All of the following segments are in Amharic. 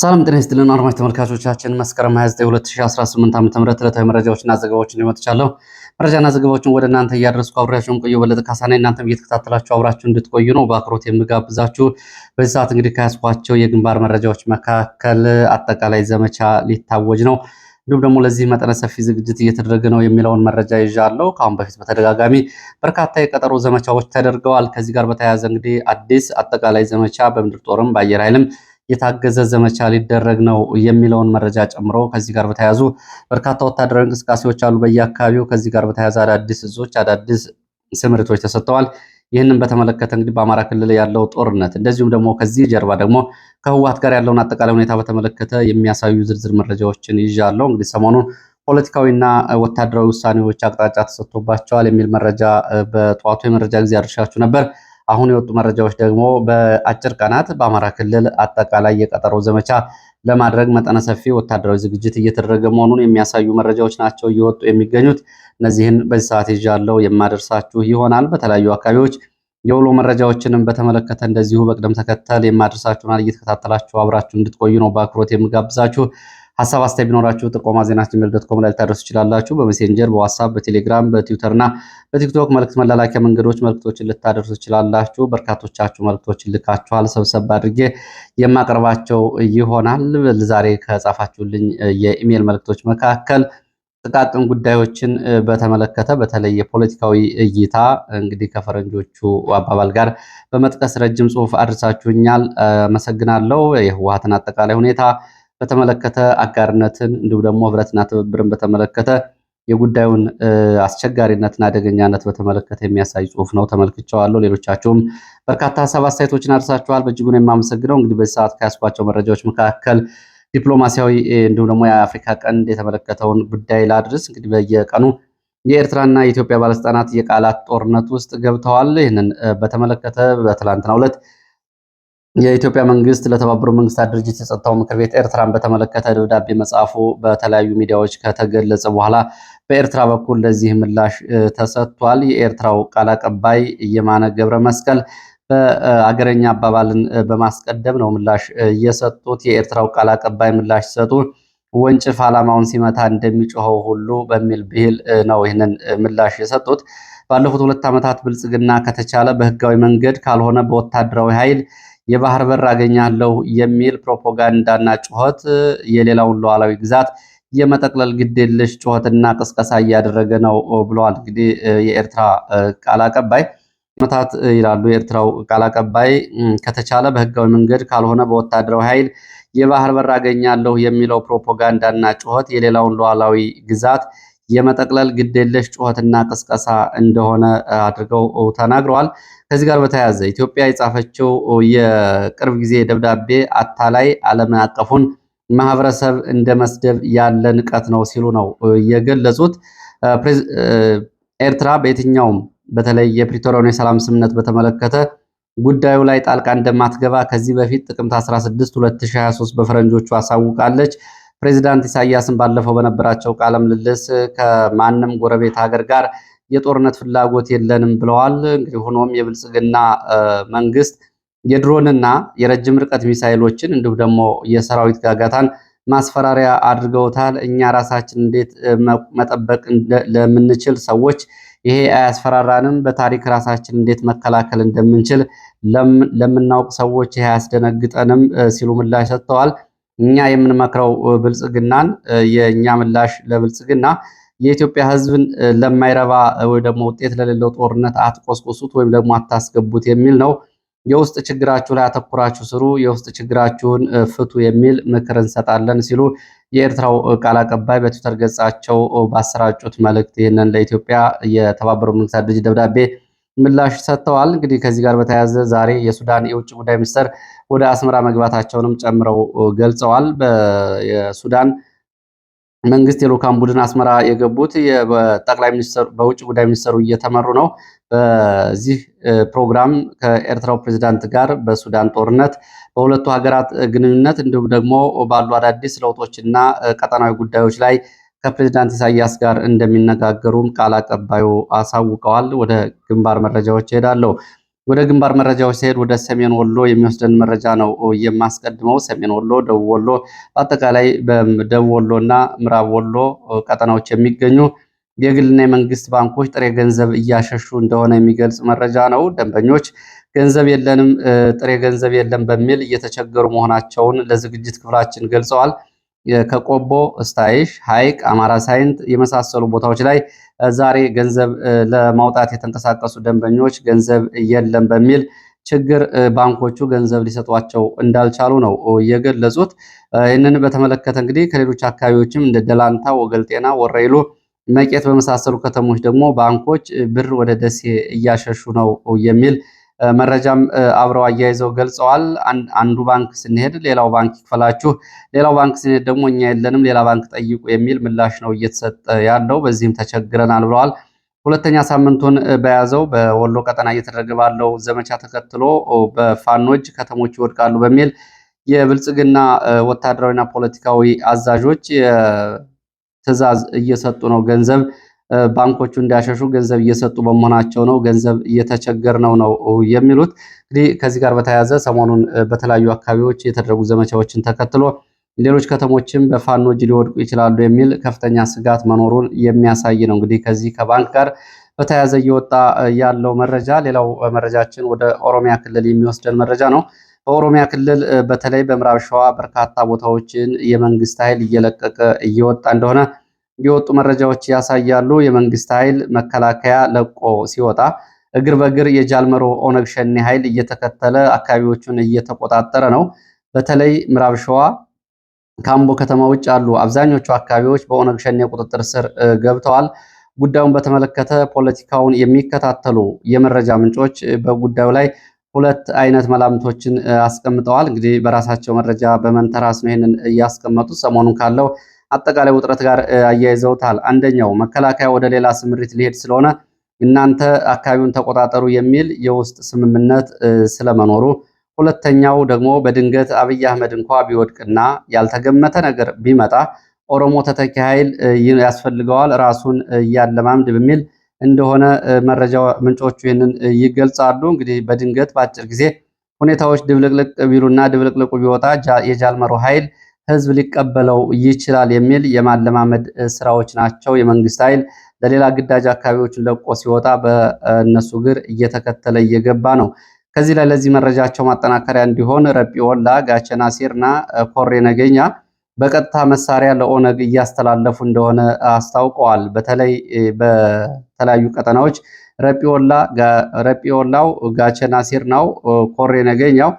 ሰላም ጤና ይስጥልን አድማጭ ተመልካቾቻችን፣ መስከረም 29 2018 ዓ.ም ዕለታዊ መረጃዎችና ዘገባዎችን ይመጥቻለሁ። መረጃና ዘገባዎችን ወደ እናንተ እያደረስኩ አብሬያችሁን ቆዩ በለጠ ካሳና እናንተም እየተከታተላችሁ አብራችሁ እንድትቆዩ ነው በአክሮት የምጋብዛችሁ። በዚህ ሰዓት እንግዲህ ከያዝኳቸው የግንባር መረጃዎች መካከል አጠቃላይ ዘመቻ ሊታወጅ ነው እንዲሁም ደግሞ ለዚህ መጠነ ሰፊ ዝግጅት እየተደረገ ነው የሚለውን መረጃ ይዣለሁ። ከአሁን በፊት በተደጋጋሚ በርካታ የቀጠሮ ዘመቻዎች ተደርገዋል። ከዚህ ጋር በተያያዘ እንግዲህ አዲስ አጠቃላይ ዘመቻ በምድር ጦርም በአየር ኃይልም የታገዘ ዘመቻ ሊደረግ ነው የሚለውን መረጃ ጨምሮ ከዚህ ጋር በተያያዙ በርካታ ወታደራዊ እንቅስቃሴዎች አሉ በየአካባቢው። ከዚህ ጋር በተያያዘ አዳዲስ እዞች፣ አዳዲስ ስምሪቶች ተሰጥተዋል። ይህንን በተመለከተ እንግዲህ በአማራ ክልል ያለው ጦርነት እንደዚሁም ደግሞ ከዚህ ጀርባ ደግሞ ከህወሓት ጋር ያለውን አጠቃላይ ሁኔታ በተመለከተ የሚያሳዩ ዝርዝር መረጃዎችን ይዣለሁ። እንግዲህ ሰሞኑን ፖለቲካዊና ወታደራዊ ውሳኔዎች አቅጣጫ ተሰጥቶባቸዋል የሚል መረጃ በጠዋቱ የመረጃ ጊዜ አድርሻችሁ ነበር። አሁን የወጡ መረጃዎች ደግሞ በአጭር ቀናት በአማራ ክልል አጠቃላይ የቀጠሮ ዘመቻ ለማድረግ መጠነ ሰፊ ወታደራዊ ዝግጅት እየተደረገ መሆኑን የሚያሳዩ መረጃዎች ናቸው እየወጡ የሚገኙት። እነዚህን በዚህ ሰዓት ይዣለው የማደርሳችሁ ይሆናል። በተለያዩ አካባቢዎች የውሎ መረጃዎችንም በተመለከተ እንደዚሁ በቅደም ተከተል የማደርሳችሁናል። እየተከታተላችሁ አብራችሁ እንድትቆዩ ነው በአክብሮት የምጋብዛችሁ። ሀሳብ አስተያየት ቢኖራችሁ ጥቆማ ዜና ጂሜል ዶት ኮም ላይ ልታደርሱ ይችላላችሁ። በሜሴንጀር፣ በዋትሳፕ፣ በቴሌግራም፣ በትዊተር እና በቲክቶክ መልእክት መላላኪያ መንገዶች መልእክቶችን ልታደርሱ ይችላላችሁ። በርካቶቻችሁ መልእክቶችን ልካችኋል። ሰብሰብ አድርጌ የማቀርባቸው ይሆናል። ዛሬ ከጻፋችሁልኝ የኢሜይል መልእክቶች መካከል ጥቃቅን ጉዳዮችን በተመለከተ በተለይ የፖለቲካዊ እይታ እንግዲህ ከፈረንጆቹ አባባል ጋር በመጥቀስ ረጅም ጽሑፍ አድርሳችሁኛል። አመሰግናለሁ። የህወሀትን አጠቃላይ ሁኔታ በተመለከተ አጋርነትን እንዲሁም ደግሞ ህብረትና ትብብርን በተመለከተ የጉዳዩን አስቸጋሪነትና አደገኛነት በተመለከተ የሚያሳይ ጽሁፍ ነው። ተመልክቸዋለሁ። ሌሎቻችሁም በርካታ ሀሳብ አስተያየቶችን አድርሳችኋል። በእጅጉን የማመሰግነው እንግዲህ በዚህ ሰዓት ከያስኳቸው መረጃዎች መካከል ዲፕሎማሲያዊ እንዲሁም ደግሞ የአፍሪካ ቀንድ የተመለከተውን ጉዳይ ላድርስ። እንግዲህ በየቀኑ የኤርትራና የኢትዮጵያ ባለስልጣናት የቃላት ጦርነት ውስጥ ገብተዋል። ይህንን በተመለከተ በትላንትናው ዕለት የኢትዮጵያ መንግስት ለተባበሩት መንግስታት ድርጅት የጸጥታው ምክር ቤት ኤርትራን በተመለከተ ደብዳቤ መጻፉ በተለያዩ ሚዲያዎች ከተገለጸ በኋላ በኤርትራ በኩል ለዚህ ምላሽ ተሰጥቷል። የኤርትራው ቃል አቀባይ የማነ ገብረ መስቀል በአገረኛ አባባልን በማስቀደም ነው ምላሽ እየሰጡት። የኤርትራው ቃል አቀባይ ምላሽ ሲሰጡ ወንጭፍ ዓላማውን ሲመታ እንደሚጮኸው ሁሉ በሚል ብሂል ነው ይህንን ምላሽ የሰጡት። ባለፉት ሁለት ዓመታት ብልጽግና ከተቻለ በህጋዊ መንገድ ካልሆነ በወታደራዊ ኃይል የባህር በር አገኛለሁ የሚል ፕሮፓጋንዳና ጩኸት የሌላውን ሉዓላዊ ግዛት የመጠቅለል ግዴለሽ ጩኸትና ቅስቀሳ እያደረገ ነው ብለዋል። እንግዲህ የኤርትራ ቃል አቀባይ መታት ይላሉ። የኤርትራው ቃል አቀባይ ከተቻለ በህጋዊ መንገድ ካልሆነ በወታደራዊ ኃይል የባህር በር አገኛለሁ የሚለው ፕሮፓጋንዳና ጩኸት የሌላውን ሉዓላዊ ግዛት የመጠቅለል ግዴለሽ ጩኸትና ቅስቀሳ እንደሆነ አድርገው ተናግረዋል። ከዚህ ጋር በተያያዘ ኢትዮጵያ የጻፈችው የቅርብ ጊዜ ደብዳቤ አታላይ ዓለም አቀፉን ማህበረሰብ እንደ መስደብ ያለ ንቀት ነው ሲሉ ነው የገለጹት። ኤርትራ በየትኛውም በተለይ የፕሪቶሪያውን የሰላም ስምምነት በተመለከተ ጉዳዩ ላይ ጣልቃ እንደማትገባ ከዚህ በፊት ጥቅምት 16 2023 በፈረንጆቹ አሳውቃለች። ፕሬዚዳንት ኢሳያስን ባለፈው በነበራቸው ቃለ ምልልስ ከማንም ጎረቤት ሀገር ጋር የጦርነት ፍላጎት የለንም ብለዋል። እንግዲህ ሆኖም የብልጽግና መንግስት የድሮንና የረጅም ርቀት ሚሳይሎችን እንዲሁም ደግሞ የሰራዊት ጋጋታን ማስፈራሪያ አድርገውታል። እኛ ራሳችን እንዴት መጠበቅ ለምንችል ሰዎች ይሄ አያስፈራራንም፣ በታሪክ ራሳችን እንዴት መከላከል እንደምንችል ለምናውቅ ሰዎች ይሄ አያስደነግጠንም ሲሉ ምላሽ ሰጥተዋል። እኛ የምንመክረው ብልጽግናን የእኛ ምላሽ ለብልጽግና የኢትዮጵያ ሕዝብን ለማይረባ ወይ ደግሞ ውጤት ለሌለው ጦርነት አትቆስቁሱት ወይም ደግሞ አታስገቡት የሚል ነው። የውስጥ ችግራችሁ ላይ አተኩራችሁ ስሩ፣ የውስጥ ችግራችሁን ፍቱ የሚል ምክር እንሰጣለን ሲሉ የኤርትራው ቃል አቀባይ በትዊተር ገጻቸው ባሰራጩት መልእክት ይህንን ለኢትዮጵያ የተባበሩ መንግስታት ድርጅት ደብዳቤ ምላሽ ሰጥተዋል። እንግዲህ ከዚህ ጋር በተያያዘ ዛሬ የሱዳን የውጭ ጉዳይ ሚኒስትር ወደ አስመራ መግባታቸውንም ጨምረው ገልጸዋል። በሱዳን መንግስት የልዑካን ቡድን አስመራ የገቡት ጠቅላይ ሚኒስትሩ በውጭ ጉዳይ ሚኒስትሩ እየተመሩ ነው። በዚህ ፕሮግራም ከኤርትራው ፕሬዚዳንት ጋር በሱዳን ጦርነት፣ በሁለቱ ሀገራት ግንኙነት እንዲሁም ደግሞ ባሉ አዳዲስ ለውጦችና ቀጠናዊ ጉዳዮች ላይ ከፕሬዚዳንት ኢሳያስ ጋር እንደሚነጋገሩም ቃል አቀባዩ አሳውቀዋል። ወደ ግንባር መረጃዎች ይሄዳለሁ። ወደ ግንባር መረጃዎች ሲሄድ ወደ ሰሜን ወሎ የሚወስደን መረጃ ነው የማስቀድመው። ሰሜን ወሎ፣ ደቡብ ወሎ፣ በአጠቃላይ በደቡብ ወሎ እና ምዕራብ ወሎ ቀጠናዎች የሚገኙ የግልና የመንግስት ባንኮች ጥሬ ገንዘብ እያሸሹ እንደሆነ የሚገልጽ መረጃ ነው። ደንበኞች ገንዘብ የለንም፣ ጥሬ ገንዘብ የለም በሚል እየተቸገሩ መሆናቸውን ለዝግጅት ክፍላችን ገልጸዋል። ከቆቦ ስታይሽ፣ ሐይቅ፣ አማራ ሳይንት የመሳሰሉ ቦታዎች ላይ ዛሬ ገንዘብ ለማውጣት የተንቀሳቀሱ ደንበኞች ገንዘብ የለም በሚል ችግር ባንኮቹ ገንዘብ ሊሰጧቸው እንዳልቻሉ ነው የገለጹት። ይህንን በተመለከተ እንግዲህ ከሌሎች አካባቢዎችም እንደ ደላንታ፣ ወገልጤና፣ ወረይሉ፣ መቄት በመሳሰሉ ከተሞች ደግሞ ባንኮች ብር ወደ ደሴ እያሸሹ ነው የሚል መረጃም አብረው አያይዘው ገልጸዋል። አንዱ ባንክ ስንሄድ ሌላው ባንክ ይክፈላችሁ፣ ሌላው ባንክ ስንሄድ ደግሞ እኛ የለንም ሌላ ባንክ ጠይቁ የሚል ምላሽ ነው እየተሰጠ ያለው። በዚህም ተቸግረናል ብለዋል። ሁለተኛ ሳምንቱን በያዘው በወሎ ቀጠና እየተደረገ ባለው ዘመቻ ተከትሎ በፋኖች ከተሞች ይወድቃሉ በሚል የብልጽግና ወታደራዊና ፖለቲካዊ አዛዦች ትዕዛዝ እየሰጡ ነው ገንዘብ ባንኮቹ እንዳያሸሹ ገንዘብ እየሰጡ በመሆናቸው ነው፣ ገንዘብ እየተቸገርነው ነው የሚሉት እንግዲህ ከዚህ ጋር በተያያዘ ሰሞኑን በተለያዩ አካባቢዎች የተደረጉ ዘመቻዎችን ተከትሎ ሌሎች ከተሞችም በፋኖ እጅ ሊወድቁ ይችላሉ የሚል ከፍተኛ ስጋት መኖሩን የሚያሳይ ነው። እንግዲህ ከዚህ ከባንክ ጋር በተያያዘ እየወጣ ያለው መረጃ። ሌላው መረጃችን ወደ ኦሮሚያ ክልል የሚወስደን መረጃ ነው። በኦሮሚያ ክልል በተለይ በምዕራብ ሸዋ በርካታ ቦታዎችን የመንግስት ኃይል እየለቀቀ እየወጣ እንደሆነ የወጡ መረጃዎች ያሳያሉ። የመንግስት ኃይል መከላከያ ለቆ ሲወጣ እግር በእግር የጃልመሮ ኦነግ ሸኔ ኃይል እየተከተለ አካባቢዎቹን እየተቆጣጠረ ነው። በተለይ ምዕራብ ሸዋ ካምቦ ከተማ ውጭ አሉ አብዛኞቹ አካባቢዎች በኦነግ ሸኔ ቁጥጥር ስር ገብተዋል። ጉዳዩን በተመለከተ ፖለቲካውን የሚከታተሉ የመረጃ ምንጮች በጉዳዩ ላይ ሁለት አይነት መላምቶችን አስቀምጠዋል። እንግዲህ በራሳቸው መረጃ በመንተራስ ነው ይህንን እያስቀመጡ ሰሞኑን ካለው አጠቃላይ ውጥረት ጋር አያይዘውታል። አንደኛው መከላከያ ወደ ሌላ ስምሪት ሊሄድ ስለሆነ እናንተ አካባቢውን ተቆጣጠሩ የሚል የውስጥ ስምምነት ስለመኖሩ፣ ሁለተኛው ደግሞ በድንገት አብይ አህመድ እንኳ ቢወድቅና ያልተገመተ ነገር ቢመጣ ኦሮሞ ተተኪ ኃይል ያስፈልገዋል ራሱን እያለማምድ በሚል እንደሆነ መረጃ ምንጮቹ ይህንን ይገልጻሉ። እንግዲህ በድንገት በአጭር ጊዜ ሁኔታዎች ድብልቅልቅ ቢሉና ድብልቅልቁ ቢወጣ የጃልመሮ ኃይል ህዝብ ሊቀበለው ይችላል የሚል የማለማመድ ስራዎች ናቸው። የመንግስት ኃይል ለሌላ ግዳጅ አካባቢዎችን ለቆ ሲወጣ በእነሱ እግር እየተከተለ እየገባ ነው። ከዚህ ላይ ለዚህ መረጃቸው ማጠናከሪያ እንዲሆን ወላ፣ ጋቸና ሲርና ኮሬ ነገኛ በቀጥታ መሳሪያ ለኦነግ እያስተላለፉ እንደሆነ አስታውቀዋል። በተለይ በተለያዩ ቀጠናዎች ረጲወላው፣ ጋቸና ሲርናው፣ ኮሬ ነገኛው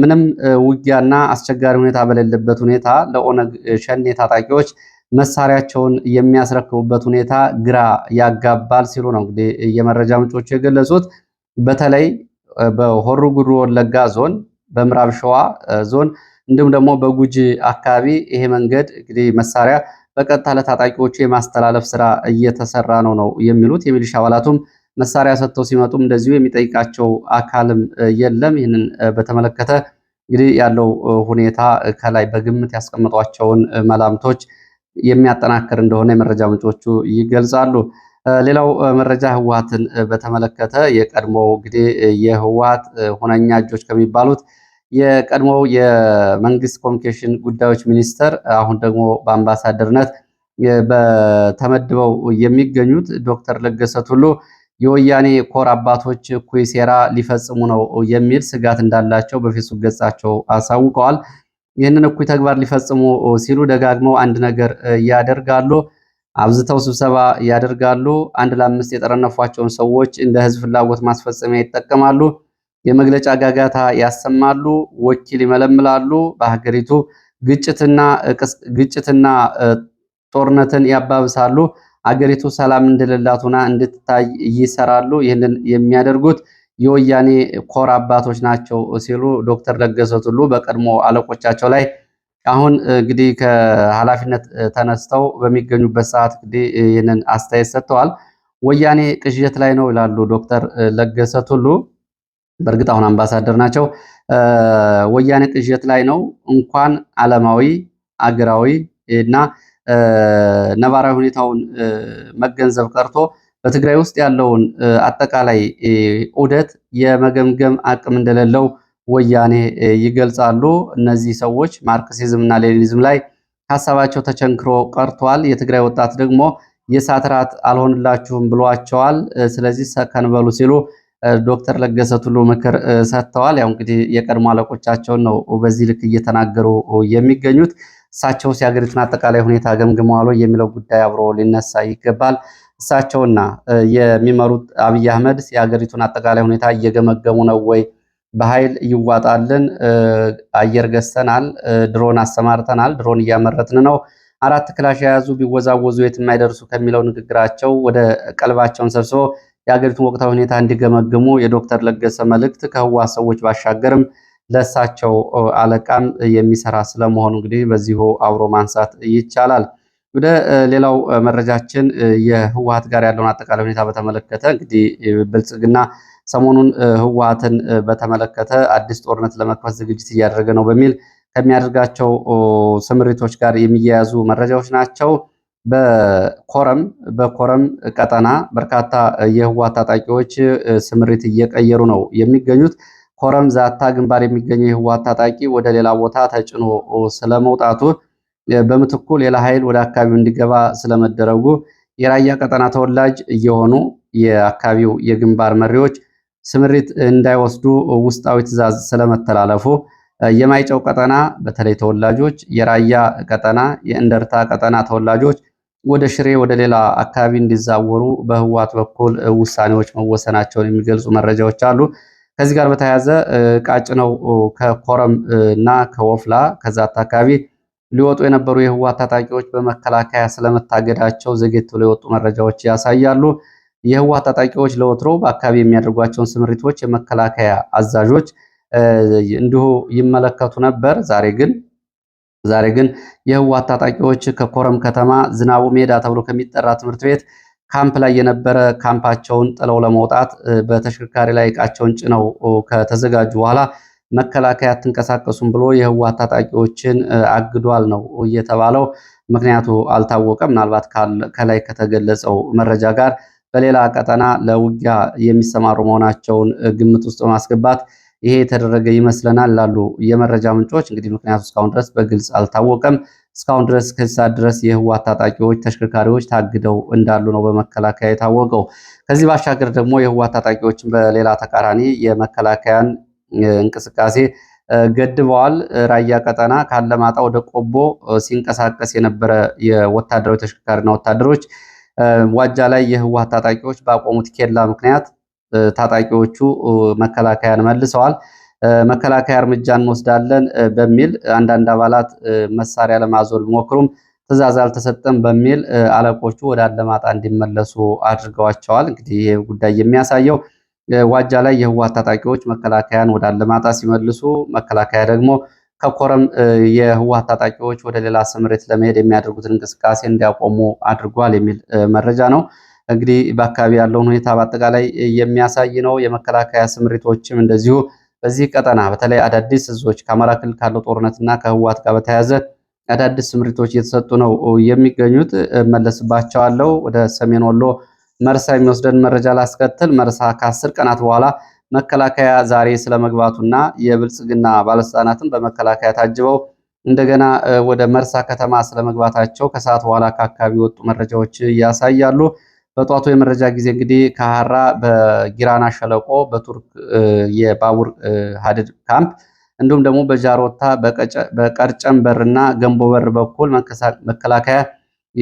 ምንም ውጊያና አስቸጋሪ ሁኔታ በሌለበት ሁኔታ ለኦነግ ሸኔ ታጣቂዎች መሳሪያቸውን የሚያስረክቡበት ሁኔታ ግራ ያጋባል ሲሉ ነው እንግዲህ የመረጃ ምንጮቹ የገለጹት። በተለይ በሆሩ ጉሩ ወለጋ ዞን፣ በምዕራብ ሸዋ ዞን እንዲሁም ደግሞ በጉጂ አካባቢ ይሄ መንገድ እንግዲህ መሳሪያ በቀጥታ ለታጣቂዎቹ የማስተላለፍ ስራ እየተሰራ ነው ነው የሚሉት የሚሊሻ አባላቱም መሳሪያ ሰጥተው ሲመጡም እንደዚሁ የሚጠይቃቸው አካልም የለም። ይህንን በተመለከተ እንግዲህ ያለው ሁኔታ ከላይ በግምት ያስቀመጧቸውን መላምቶች የሚያጠናክር እንደሆነ የመረጃ ምንጮቹ ይገልጻሉ። ሌላው መረጃ ህወሓትን በተመለከተ የቀድሞው እንግዲህ የህወሓት ሁነኛ እጆች ከሚባሉት የቀድሞው የመንግስት ኮሚኒኬሽን ጉዳዮች ሚኒስተር አሁን ደግሞ በአምባሳደርነት በተመድበው የሚገኙት ዶክተር ለገሰ ቱሉ የወያኔ ኮር አባቶች እኩይ ሴራ ሊፈጽሙ ነው የሚል ስጋት እንዳላቸው በፌስቡክ ገጻቸው አሳውቀዋል። ይህንን እኩይ ተግባር ሊፈጽሙ ሲሉ ደጋግመው አንድ ነገር ያደርጋሉ፣ አብዝተው ስብሰባ ያደርጋሉ። አንድ ለአምስት የጠረነፏቸውን ሰዎች እንደ ህዝብ ፍላጎት ማስፈጸሚያ ይጠቀማሉ። የመግለጫ ጋጋታ ያሰማሉ፣ ወኪል ይመለምላሉ። በሀገሪቱ ግጭትና ጦርነትን ያባብሳሉ። አገሪቱ ሰላም እንድልላት ሆና እንድትታይ ይሰራሉ። ይህንን የሚያደርጉት የወያኔ ኮር አባቶች ናቸው ሲሉ ዶክተር ለገሰ ቱሉ በቀድሞ አለቆቻቸው ላይ አሁን እንግዲህ ከኃላፊነት ተነስተው በሚገኙበት ሰዓት እንግዲህ ይህንን አስተያየት ሰጥተዋል። ወያኔ ቅዥት ላይ ነው ይላሉ ዶክተር ለገሰ ቱሉ። በእርግጥ አሁን አምባሳደር ናቸው። ወያኔ ቅዥት ላይ ነው እንኳን ዓለማዊ አገራዊ እና ነባራዊ ሁኔታውን መገንዘብ ቀርቶ በትግራይ ውስጥ ያለውን አጠቃላይ ዑደት የመገምገም አቅም እንደሌለው ወያኔ ይገልጻሉ። እነዚህ ሰዎች ማርክሲዝም እና ሌኒኒዝም ላይ ሀሳባቸው ተቸንክሮ ቀርቷል። የትግራይ ወጣት ደግሞ የሳትራት አልሆንላችሁም ብሏቸዋል። ስለዚህ ሰከን በሉ ሲሉ ዶክተር ለገሰ ቱሉ ምክር ሰጥተዋል። ያው እንግዲህ የቀድሞ አለቆቻቸውን ነው በዚህ ልክ እየተናገሩ የሚገኙት። እሳቸው የሀገሪቱን አጠቃላይ ሁኔታ ገምግመዋል የሚለው ጉዳይ አብሮ ሊነሳ ይገባል። እሳቸውና የሚመሩት አብይ አህመድ የሀገሪቱን አጠቃላይ ሁኔታ እየገመገሙ ነው ወይ? በኃይል ይዋጣልን፣ አየር ገዝተናል፣ ድሮን አሰማርተናል፣ ድሮን እያመረትን ነው፣ አራት ክላሽ የያዙ ቢወዛወዙ የትም ከሚለው ንግግራቸው ወደ ቀልባቸውን ሰብስበው የሀገሪቱን ወቅታዊ ሁኔታ እንዲገመግሙ የዶክተር ለገሰ መልእክት ከህወሓት ሰዎች ባሻገርም ለእሳቸው አለቃም የሚሰራ ስለመሆኑ እንግዲህ በዚሁ አብሮ ማንሳት ይቻላል። ወደ ሌላው መረጃችን የህወሓት ጋር ያለውን አጠቃላይ ሁኔታ በተመለከተ እንግዲህ ብልጽግና ሰሞኑን ህወሓትን በተመለከተ አዲስ ጦርነት ለመክፈት ዝግጅት እያደረገ ነው በሚል ከሚያደርጋቸው ስምሪቶች ጋር የሚያያዙ መረጃዎች ናቸው። በኮረም በኮረም ቀጠና በርካታ የህወሓት ታጣቂዎች ስምሪት እየቀየሩ ነው የሚገኙት። ኮረም ዛታ ግንባር የሚገኘው የህወሓት ታጣቂ ወደ ሌላ ቦታ ተጭኖ ስለመውጣቱ በምትኩ ሌላ ኃይል ወደ አካባቢው እንዲገባ ስለመደረጉ የራያ ቀጠና ተወላጅ እየሆኑ የአካባቢው የግንባር መሪዎች ስምሪት እንዳይወስዱ ውስጣዊ ትዕዛዝ ስለመተላለፉ የማይጨው ቀጠና በተለይ ተወላጆች የራያ ቀጠና የእንደርታ ቀጠና ተወላጆች ወደ ሽሬ ወደ ሌላ አካባቢ እንዲዛወሩ በህዋት በኩል ውሳኔዎች መወሰናቸውን የሚገልጹ መረጃዎች አሉ። ከዚህ ጋር በተያያዘ ቃጭነው ከኮረም እና ከወፍላ ከዛ አካባቢ ሊወጡ የነበሩ የህዋት ታጣቂዎች በመከላከያ ስለመታገዳቸው ዘግይተው የወጡ መረጃዎች ያሳያሉ። የህዋት ታጣቂዎች ለወትሮ በአካባቢ የሚያደርጓቸውን ስምሪቶች የመከላከያ አዛዦች እንዲሁ ይመለከቱ ነበር። ዛሬ ግን ዛሬ ግን የህወሓት ታጣቂዎች ከኮረም ከተማ ዝናቡ ሜዳ ተብሎ ከሚጠራ ትምህርት ቤት ካምፕ ላይ የነበረ ካምፓቸውን ጥለው ለመውጣት በተሽከርካሪ ላይ እቃቸውን ጭነው ከተዘጋጁ በኋላ መከላከያ አትንቀሳቀሱም ብሎ የህወሓት ታጣቂዎችን አግዷል ነው እየተባለው። ምክንያቱ አልታወቀም። ምናልባት ከላይ ከተገለጸው መረጃ ጋር በሌላ ቀጠና ለውጊያ የሚሰማሩ መሆናቸውን ግምት ውስጥ በማስገባት ይሄ የተደረገ ይመስለናል ላሉ የመረጃ ምንጮች እንግዲህ ምክንያቱ እስካሁን ድረስ በግልጽ አልታወቀም። እስካሁን ድረስ ከዛ ድረስ የህወሓት ታጣቂዎች ተሽከርካሪዎች ታግደው እንዳሉ ነው በመከላከያ የታወቀው። ከዚህ ባሻገር ደግሞ የህወሓት ታጣቂዎችን በሌላ ተቃራኒ የመከላከያን እንቅስቃሴ ገድበዋል። ራያ ቀጠና ካለማጣ ወደ ቆቦ ሲንቀሳቀስ የነበረ የወታደራዊ ተሽከርካሪና ወታደሮች ዋጃ ላይ የህወሓት ታጣቂዎች ባቆሙት ኬላ ምክንያት ታጣቂዎቹ መከላከያን መልሰዋል። መከላከያ እርምጃ እንወስዳለን በሚል አንዳንድ አባላት መሳሪያ ለማዞር ቢሞክሩም ትዕዛዝ አልተሰጠም በሚል አለቆቹ ወደ አለማጣ እንዲመለሱ አድርገዋቸዋል። እንግዲህ ይህ ጉዳይ የሚያሳየው ዋጃ ላይ የህወሓት ታጣቂዎች መከላከያን ወደ አለማጣ ሲመልሱ፣ መከላከያ ደግሞ ከኮረም የህወሓት ታጣቂዎች ወደ ሌላ ስምሪት ለመሄድ የሚያደርጉትን እንቅስቃሴ እንዲያቆሙ አድርጓል የሚል መረጃ ነው። እንግዲህ በአካባቢ ያለውን ሁኔታ በአጠቃላይ የሚያሳይ ነው። የመከላከያ ስምሪቶችም እንደዚሁ በዚህ ቀጠና በተለይ አዳዲስ እዞች ከአማራ ክልል ካለው ጦርነትና ከህወሓት ጋር በተያያዘ አዳዲስ ስምሪቶች እየተሰጡ ነው የሚገኙት። መለስባቸዋለሁ ወደ ሰሜን ወሎ መርሳ የሚወስደን መረጃ ላስከትል። መርሳ ከአስር ቀናት በኋላ መከላከያ ዛሬ ስለመግባቱና የብልጽግና ባለስልጣናትን በመከላከያ ታጅበው እንደገና ወደ መርሳ ከተማ ስለመግባታቸው ከሰዓት በኋላ ከአካባቢ የወጡ መረጃዎች ያሳያሉ። በጠዋቱ የመረጃ ጊዜ እንግዲህ ከሀራ በጊራና ሸለቆ በቱርክ የባቡር ሀዲድ ካምፕ እንዲሁም ደግሞ በጃሮታ በቀርጨንበርና ገንቦ በር በኩል መከላከያ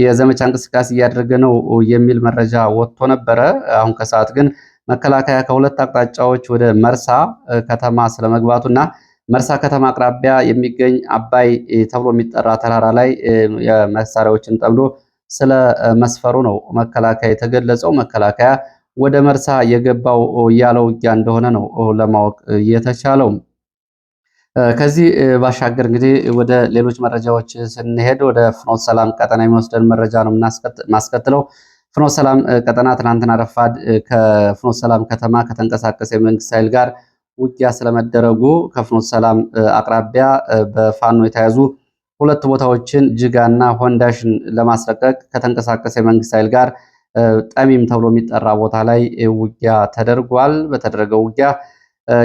የዘመቻ እንቅስቃሴ እያደረገ ነው የሚል መረጃ ወጥቶ ነበረ። አሁን ከሰዓት ግን መከላከያ ከሁለት አቅጣጫዎች ወደ መርሳ ከተማ ስለመግባቱና መርሳ ከተማ አቅራቢያ የሚገኝ አባይ ተብሎ የሚጠራ ተራራ ላይ መሳሪያዎችን ጠምዶ ስለ መስፈሩ ነው መከላከያ የተገለጸው። መከላከያ ወደ መርሳ የገባው ያለው ውጊያ እንደሆነ ነው ለማወቅ የተቻለው። ከዚህ ባሻገር እንግዲህ ወደ ሌሎች መረጃዎች ስንሄድ ወደ ፍኖት ሰላም ቀጠና የሚወስደን መረጃ ነው የምናስከትለው። ፍኖት ሰላም ቀጠና ትናንትና ረፋድ ከፍኖት ሰላም ከተማ ከተንቀሳቀሰ የመንግስት ኃይል ጋር ውጊያ ስለመደረጉ ከፍኖት ሰላም አቅራቢያ በፋኖ የተያዙ ሁለት ቦታዎችን ጅጋና ሆንዳሽን ለማስለቀቅ ከተንቀሳቀሰ የመንግስት ኃይል ጋር ጠሚም ተብሎ የሚጠራ ቦታ ላይ ውጊያ ተደርጓል። በተደረገው ውጊያ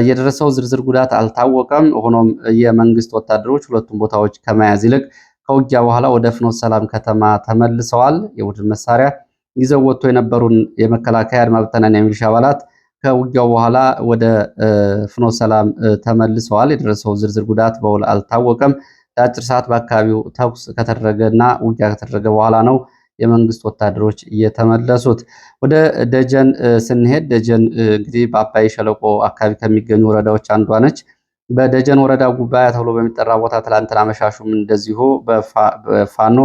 የደረሰው ዝርዝር ጉዳት አልታወቀም። ሆኖም የመንግስት ወታደሮች ሁለቱም ቦታዎች ከመያዝ ይልቅ ከውጊያ በኋላ ወደ ፍኖ ሰላም ከተማ ተመልሰዋል። የቡድን መሳሪያ ይዘው ወጥቶ የነበሩን የመከላከያ አድማ ብተናና የሚሊሻ አባላት ከውጊያው በኋላ ወደ ፍኖ ሰላም ተመልሰዋል። የደረሰው ዝርዝር ጉዳት በውል አልታወቀም። ለአጭር ሰዓት በአካባቢው ተኩስ ከተደረገ እና ውጊያ ከተደረገ በኋላ ነው የመንግስት ወታደሮች እየተመለሱት ወደ ደጀን ስንሄድ ደጀን እንግዲህ በአባይ ሸለቆ አካባቢ ከሚገኙ ወረዳዎች አንዷ ነች። በደጀን ወረዳ ጉባኤ ተብሎ በሚጠራ ቦታ ትላንትና መሻሹም እንደዚሁ በፋኖ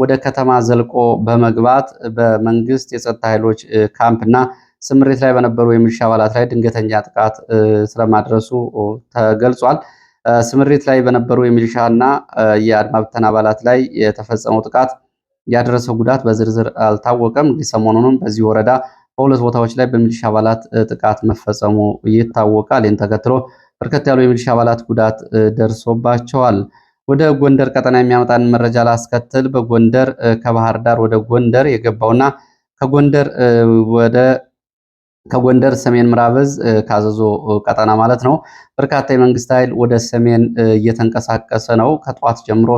ወደ ከተማ ዘልቆ በመግባት በመንግስት የጸጥታ ኃይሎች ካምፕ እና ስምሪት ላይ በነበሩ የሚሊሻ አባላት ላይ ድንገተኛ ጥቃት ስለማድረሱ ተገልጿል። ስምሪት ላይ በነበሩ የሚሊሻና የአድማ አባላት ላይ የተፈጸመው ጥቃት ያደረሰው ጉዳት በዝርዝር አልታወቀም። እንግዲህ ሰሞኑንም በዚህ ወረዳ በሁለት ቦታዎች ላይ በሚሊሻ አባላት ጥቃት መፈጸሙ ይታወቃል። ይህን ተከትሎ በርከት ያሉ የሚሊሻ አባላት ጉዳት ደርሶባቸዋል። ወደ ጎንደር ቀጠና የሚያመጣን መረጃ ላስከትል። በጎንደር ከባህር ዳር ወደ ጎንደር የገባውና ከጎንደር ወደ ከጎንደር ሰሜን ምዕራብ ዕዝ ካዘዞ ቀጠና ማለት ነው። በርካታ የመንግስት ኃይል ወደ ሰሜን እየተንቀሳቀሰ ነው። ከጠዋት ጀምሮ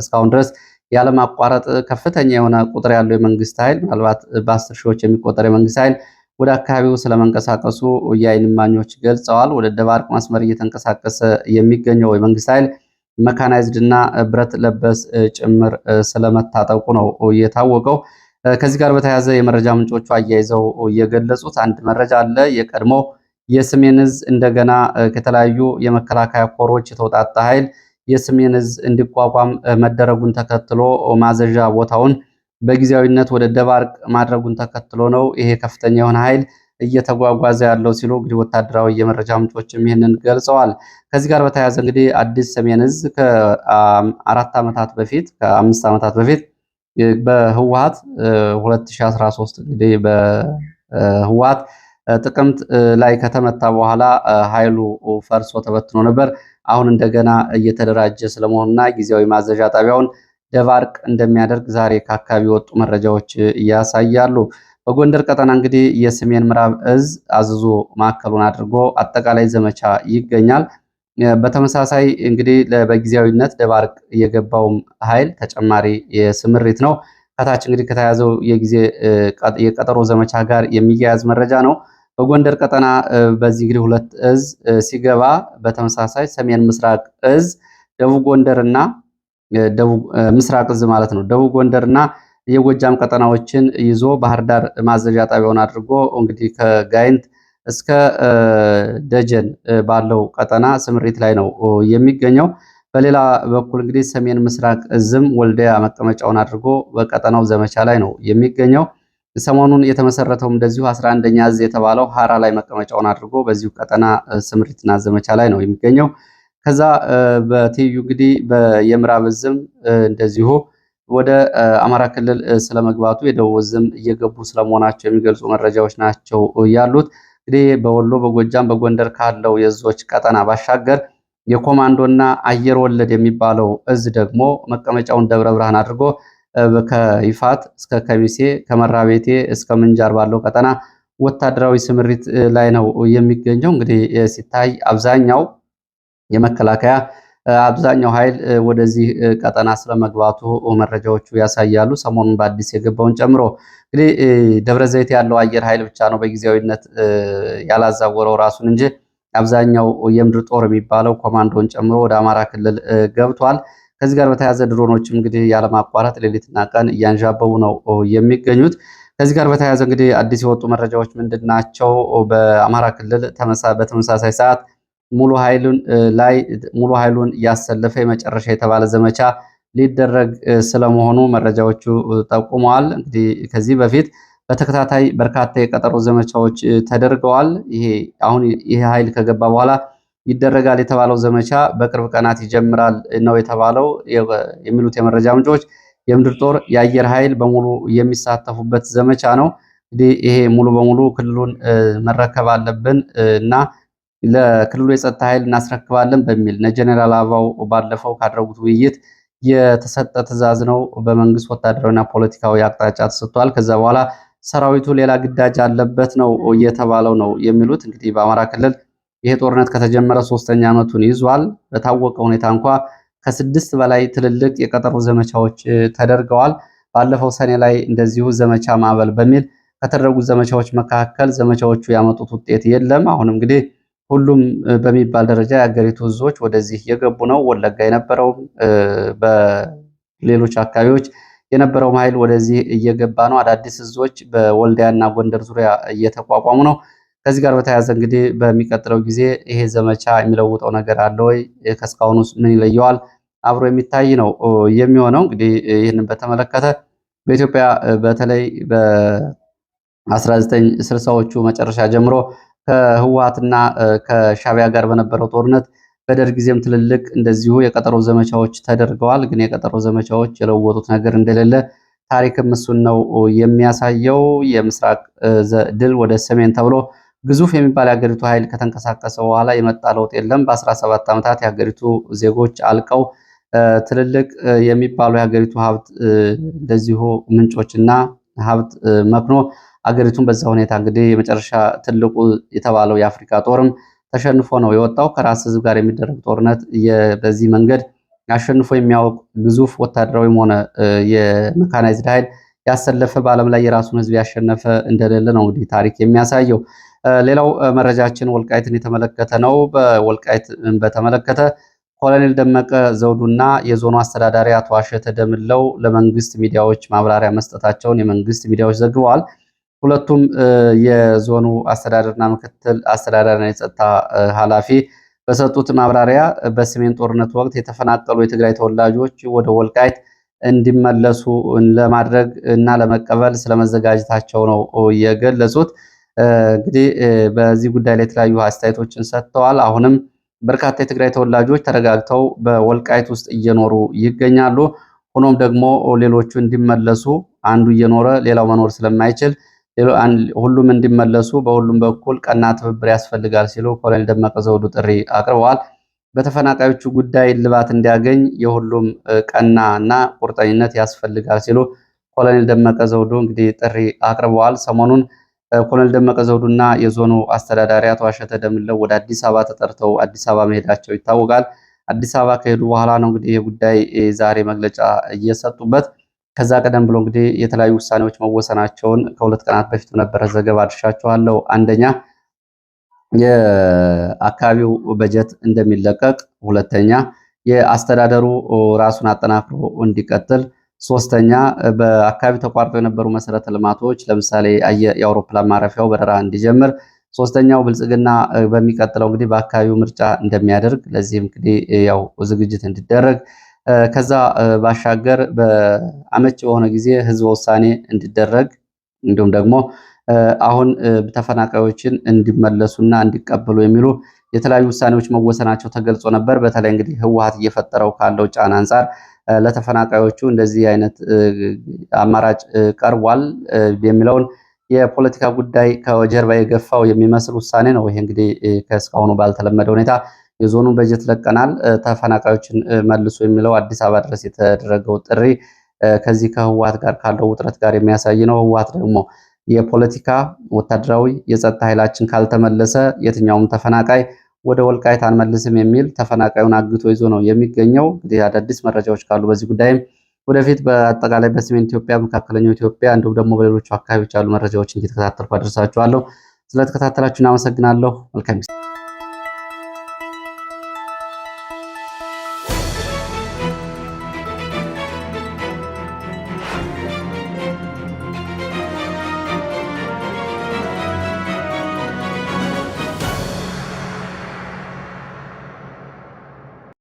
እስካሁን ድረስ ያለማቋረጥ ከፍተኛ የሆነ ቁጥር ያለው የመንግስት ኃይል ምናልባት በአስር ሺዎች የሚቆጠር የመንግስት ኃይል ወደ አካባቢው ስለመንቀሳቀሱ የአይን እማኞች ገልጸዋል። ወደ ደባርቅ መስመር እየተንቀሳቀሰ የሚገኘው የመንግስት ኃይል መካናይዝድ እና ብረት ለበስ ጭምር ስለመታጠቁ ነው የታወቀው። ከዚህ ጋር በተያያዘ የመረጃ ምንጮቹ አያይዘው የገለጹት አንድ መረጃ አለ። የቀድሞ የሰሜን እዝ እንደገና ከተለያዩ የመከላከያ ኮሮች የተውጣጣ ኃይል የሰሜን እዝ እንዲቋቋም መደረጉን ተከትሎ ማዘዣ ቦታውን በጊዜያዊነት ወደ ደባርቅ ማድረጉን ተከትሎ ነው ይሄ ከፍተኛ የሆነ ኃይል እየተጓጓዘ ያለው ሲሉ እንግዲህ ወታደራዊ የመረጃ ምንጮችም ይህንን ገልጸዋል። ከዚህ ጋር በተያያዘ እንግዲህ አዲስ ሰሜን እዝ ከአራት ዓመታት በፊት ከአምስት ዓመታት በፊት በህወሀት 2013 እንግዲህ ጥቅምት ላይ ከተመታ በኋላ ኃይሉ ፈርሶ ተበትኖ ነበር። አሁን እንደገና እየተደራጀ ስለመሆኑና ጊዜያዊ ማዘዣ ጣቢያውን ደባርቅ እንደሚያደርግ ዛሬ ከአካባቢ የወጡ መረጃዎች ያሳያሉ። በጎንደር ቀጠና እንግዲህ የሰሜን ምዕራብ እዝ አዘዞ ማዕከሉን አድርጎ አጠቃላይ ዘመቻ ይገኛል። በተመሳሳይ እንግዲህ በጊዜያዊነት ደባርቅ የገባውም ኃይል ተጨማሪ ስምሪት ነው። ከታች እንግዲህ ከተያዘው የጊዜ የቀጠሮ ዘመቻ ጋር የሚያያዝ መረጃ ነው። በጎንደር ቀጠና በዚህ እንግዲህ ሁለት እዝ ሲገባ በተመሳሳይ ሰሜን ምስራቅ እዝ ደቡብ ጎንደርና ምስራቅ እዝ ማለት ነው ደቡብ ጎንደርና የጎጃም ቀጠናዎችን ይዞ ባህር ዳር ማዘዣ ጣቢያውን አድርጎ እንግዲህ ከጋይንት እስከ ደጀን ባለው ቀጠና ስምሪት ላይ ነው የሚገኘው። በሌላ በኩል እንግዲህ ሰሜን ምስራቅ እዝም ወልዲያ መቀመጫውን አድርጎ በቀጠናው ዘመቻ ላይ ነው የሚገኘው። ሰሞኑን የተመሰረተው እንደዚሁ 11ኛ እዝ የተባለው ሀራ ላይ መቀመጫውን አድርጎ በዚሁ ቀጠና ስምሪትና ዘመቻ ላይ ነው የሚገኘው። ከዛ በትይዩ እንግዲህ የምዕራብ እዝም እንደዚሁ ወደ አማራ ክልል ስለመግባቱ የደቡብ እዝም እየገቡ ስለመሆናቸው የሚገልጹ መረጃዎች ናቸው ያሉት። እንግዲህ በወሎ በጎጃም በጎንደር ካለው የእዞች ቀጠና ባሻገር የኮማንዶና አየር ወለድ የሚባለው እዝ ደግሞ መቀመጫውን ደብረ ብርሃን አድርጎ ከይፋት እስከ ከሚሴ ከመራቤቴ እስከ ምንጃር ባለው ቀጠና ወታደራዊ ስምሪት ላይ ነው የሚገኘው። እንግዲህ ሲታይ አብዛኛው የመከላከያ አብዛኛው ኃይል ወደዚህ ቀጠና ስለመግባቱ መረጃዎቹ ያሳያሉ። ሰሞኑን በአዲስ የገባውን ጨምሮ እንግዲህ ደብረ ዘይት ያለው አየር ኃይል ብቻ ነው በጊዜያዊነት ያላዛወረው ራሱን እንጂ አብዛኛው የምድር ጦር የሚባለው ኮማንዶን ጨምሮ ወደ አማራ ክልል ገብቷል። ከዚህ ጋር በተያያዘ ድሮኖችም እንግዲህ ያለማቋረጥ ሌሊትና ቀን እያንዣበቡ ነው የሚገኙት። ከዚህ ጋር በተያያዘ እንግዲህ አዲስ የወጡ መረጃዎች ምንድን ናቸው? በአማራ ክልል በተመሳሳይ ሰዓት ሙሉ ኃይሉን ላይ ሙሉ ኃይሉን ያሰለፈ የመጨረሻ የተባለ ዘመቻ ሊደረግ ስለመሆኑ መረጃዎቹ ጠቁመዋል። እንግዲህ ከዚህ በፊት በተከታታይ በርካታ የቀጠሮ ዘመቻዎች ተደርገዋል። ይሄ አሁን ይሄ ኃይል ከገባ በኋላ ይደረጋል የተባለው ዘመቻ በቅርብ ቀናት ይጀምራል ነው የተባለው የሚሉት የመረጃ ምንጮች የምድር ጦር የአየር ኃይል በሙሉ የሚሳተፉበት ዘመቻ ነው። እንግዲህ ይሄ ሙሉ በሙሉ ክልሉን መረከብ አለብን እና ለክልሉ የጸጥታ ኃይል እናስረክባለን በሚል እነ ጀኔራል አበባው ባለፈው ካደረጉት ውይይት የተሰጠ ትዕዛዝ ነው። በመንግስት ወታደራዊና ፖለቲካዊ አቅጣጫ ተሰጥቷል። ከዛ በኋላ ሰራዊቱ ሌላ ግዳጅ አለበት ነው እየተባለው ነው የሚሉት። እንግዲህ በአማራ ክልል ይሄ ጦርነት ከተጀመረ ሶስተኛ ዓመቱን ይዟል። በታወቀ ሁኔታ እንኳ ከስድስት በላይ ትልልቅ የቀጠሮ ዘመቻዎች ተደርገዋል። ባለፈው ሰኔ ላይ እንደዚሁ ዘመቻ ማዕበል በሚል ከተደረጉት ዘመቻዎች መካከል ዘመቻዎቹ ያመጡት ውጤት የለም። አሁን እንግዲህ ሁሉም በሚባል ደረጃ የአገሪቱ ህዝቦች ወደዚህ የገቡ ነው። ወለጋ የነበረውም በሌሎች አካባቢዎች የነበረውም ኃይል ወደዚህ እየገባ ነው። አዳዲስ ህዝቦች በወልዲያና ጎንደር ዙሪያ እየተቋቋሙ ነው። ከዚህ ጋር በተያያዘ እንግዲህ በሚቀጥለው ጊዜ ይሄ ዘመቻ የሚለውጠው ነገር አለ ወይ? ከእስካሁኑ ምን ይለየዋል? አብሮ የሚታይ ነው የሚሆነው። እንግዲህ ይህንን በተመለከተ በኢትዮጵያ በተለይ በ1960ዎቹ መጨረሻ ጀምሮ ከህወሓትና ከሻቢያ ጋር በነበረው ጦርነት በደርግ ጊዜም ትልልቅ እንደዚሁ የቀጠሮ ዘመቻዎች ተደርገዋል። ግን የቀጠሮ ዘመቻዎች የለወጡት ነገር እንደሌለ ታሪክም እሱን ነው የሚያሳየው። የምስራቅ ድል ወደ ሰሜን ተብሎ ግዙፍ የሚባል የሀገሪቱ ኃይል ከተንቀሳቀሰ በኋላ የመጣ ለውጥ የለም። በ17 ዓመታት የሀገሪቱ ዜጎች አልቀው ትልልቅ የሚባሉ የሀገሪቱ ሀብት እንደዚሁ ምንጮችና ሀብት መክኖ አገሪቱን በዛ ሁኔታ እንግዲህ የመጨረሻ ትልቁ የተባለው የአፍሪካ ጦርም ተሸንፎ ነው የወጣው። ከራስ ህዝብ ጋር የሚደረግ ጦርነት በዚህ መንገድ አሸንፎ የሚያውቅ ግዙፍ ወታደራዊም ሆነ የመካናይዝድ ኃይል ያሰለፈ በዓለም ላይ የራሱን ህዝብ ያሸነፈ እንደሌለ ነው እንግዲህ ታሪክ የሚያሳየው። ሌላው መረጃችን ወልቃይትን የተመለከተ ነው። በወልቃይት በተመለከተ ኮሎኔል ደመቀ ዘውዱና የዞኑ አስተዳዳሪ አቶ አሸተ ደምለው ለመንግስት ሚዲያዎች ማብራሪያ መስጠታቸውን የመንግስት ሚዲያዎች ዘግበዋል። ሁለቱም የዞኑ አስተዳደርና ምክትል አስተዳደርና የጸጥታ ኃላፊ በሰጡት ማብራሪያ በሰሜን ጦርነት ወቅት የተፈናቀሉ የትግራይ ተወላጆች ወደ ወልቃይት እንዲመለሱ ለማድረግ እና ለመቀበል ስለመዘጋጀታቸው ነው የገለጹት። እንግዲህ በዚህ ጉዳይ ላይ የተለያዩ አስተያየቶችን ሰጥተዋል። አሁንም በርካታ የትግራይ ተወላጆች ተረጋግተው በወልቃይት ውስጥ እየኖሩ ይገኛሉ። ሆኖም ደግሞ ሌሎቹ እንዲመለሱ አንዱ እየኖረ ሌላው መኖር ስለማይችል ሁሉም እንዲመለሱ በሁሉም በኩል ቀና ትብብር ያስፈልጋል ሲሉ ኮሎኔል ደመቀ ዘውዱ ጥሪ አቅርበዋል። በተፈናቃዮቹ ጉዳይ እልባት እንዲያገኝ የሁሉም ቀና እና ቁርጠኝነት ያስፈልጋል ሲሉ ኮሎኔል ደመቀ ዘውዱ እንግዲህ ጥሪ አቅርበዋል። ሰሞኑን ኮሎኔል ደመቀ ዘውዱና የዞኑ አስተዳዳሪ አቶ አሸተ ደምለው ወደ አዲስ አበባ ተጠርተው አዲስ አበባ መሄዳቸው ይታወቃል። አዲስ አበባ ከሄዱ በኋላ ነው እንግዲህ ጉዳይ ዛሬ መግለጫ እየሰጡበት ከዛ ቀደም ብሎ እንግዲህ የተለያዩ ውሳኔዎች መወሰናቸውን ከሁለት ቀናት በፊት ነበረ ዘገባ አድርሻችኋለሁ። አንደኛ የአካባቢው በጀት እንደሚለቀቅ፣ ሁለተኛ የአስተዳደሩ ራሱን አጠናክሮ እንዲቀጥል፣ ሶስተኛ በአካባቢው ተቋርጠው የነበሩ መሰረተ ልማቶች ለምሳሌ የአውሮፕላን ማረፊያው በረራ እንዲጀምር፣ ሶስተኛው ብልጽግና በሚቀጥለው እንግዲህ በአካባቢው ምርጫ እንደሚያደርግ ለዚህም እንግዲህ ያው ዝግጅት እንዲደረግ ከዛ ባሻገር በአመች በሆነ ጊዜ ህዝበ ውሳኔ እንዲደረግ እንዲሁም ደግሞ አሁን ተፈናቃዮችን እንዲመለሱና እንዲቀበሉ የሚሉ የተለያዩ ውሳኔዎች መወሰናቸው ተገልጾ ነበር። በተለይ እንግዲህ ህወሀት እየፈጠረው ካለው ጫና አንጻር ለተፈናቃዮቹ እንደዚህ አይነት አማራጭ ቀርቧል የሚለውን የፖለቲካ ጉዳይ ከጀርባ የገፋው የሚመስል ውሳኔ ነው። ይሄ እንግዲህ ከእስካሁኑ ባልተለመደ ሁኔታ የዞኑን በጀት ለቀናል፣ ተፈናቃዮችን መልሶ የሚለው አዲስ አበባ ድረስ የተደረገው ጥሪ ከዚህ ከህወሓት ጋር ካለው ውጥረት ጋር የሚያሳይ ነው። ህወሓት ደግሞ የፖለቲካ ወታደራዊ የጸጥታ ኃይላችን ካልተመለሰ የትኛውም ተፈናቃይ ወደ ወልቃይት አንመልስም የሚል ተፈናቃዩን አግቶ ይዞ ነው የሚገኘው። እንግዲህ አዳዲስ መረጃዎች ካሉ በዚህ ጉዳይም ወደፊት በአጠቃላይ በሰሜን ኢትዮጵያ፣ መካከለኛው ኢትዮጵያ እንዲሁም ደግሞ በሌሎቹ አካባቢዎች ያሉ መረጃዎችን እየተከታተልኩ አደርሳችኋለሁ። ስለተከታተላችሁን እናመሰግናለሁ። መልካም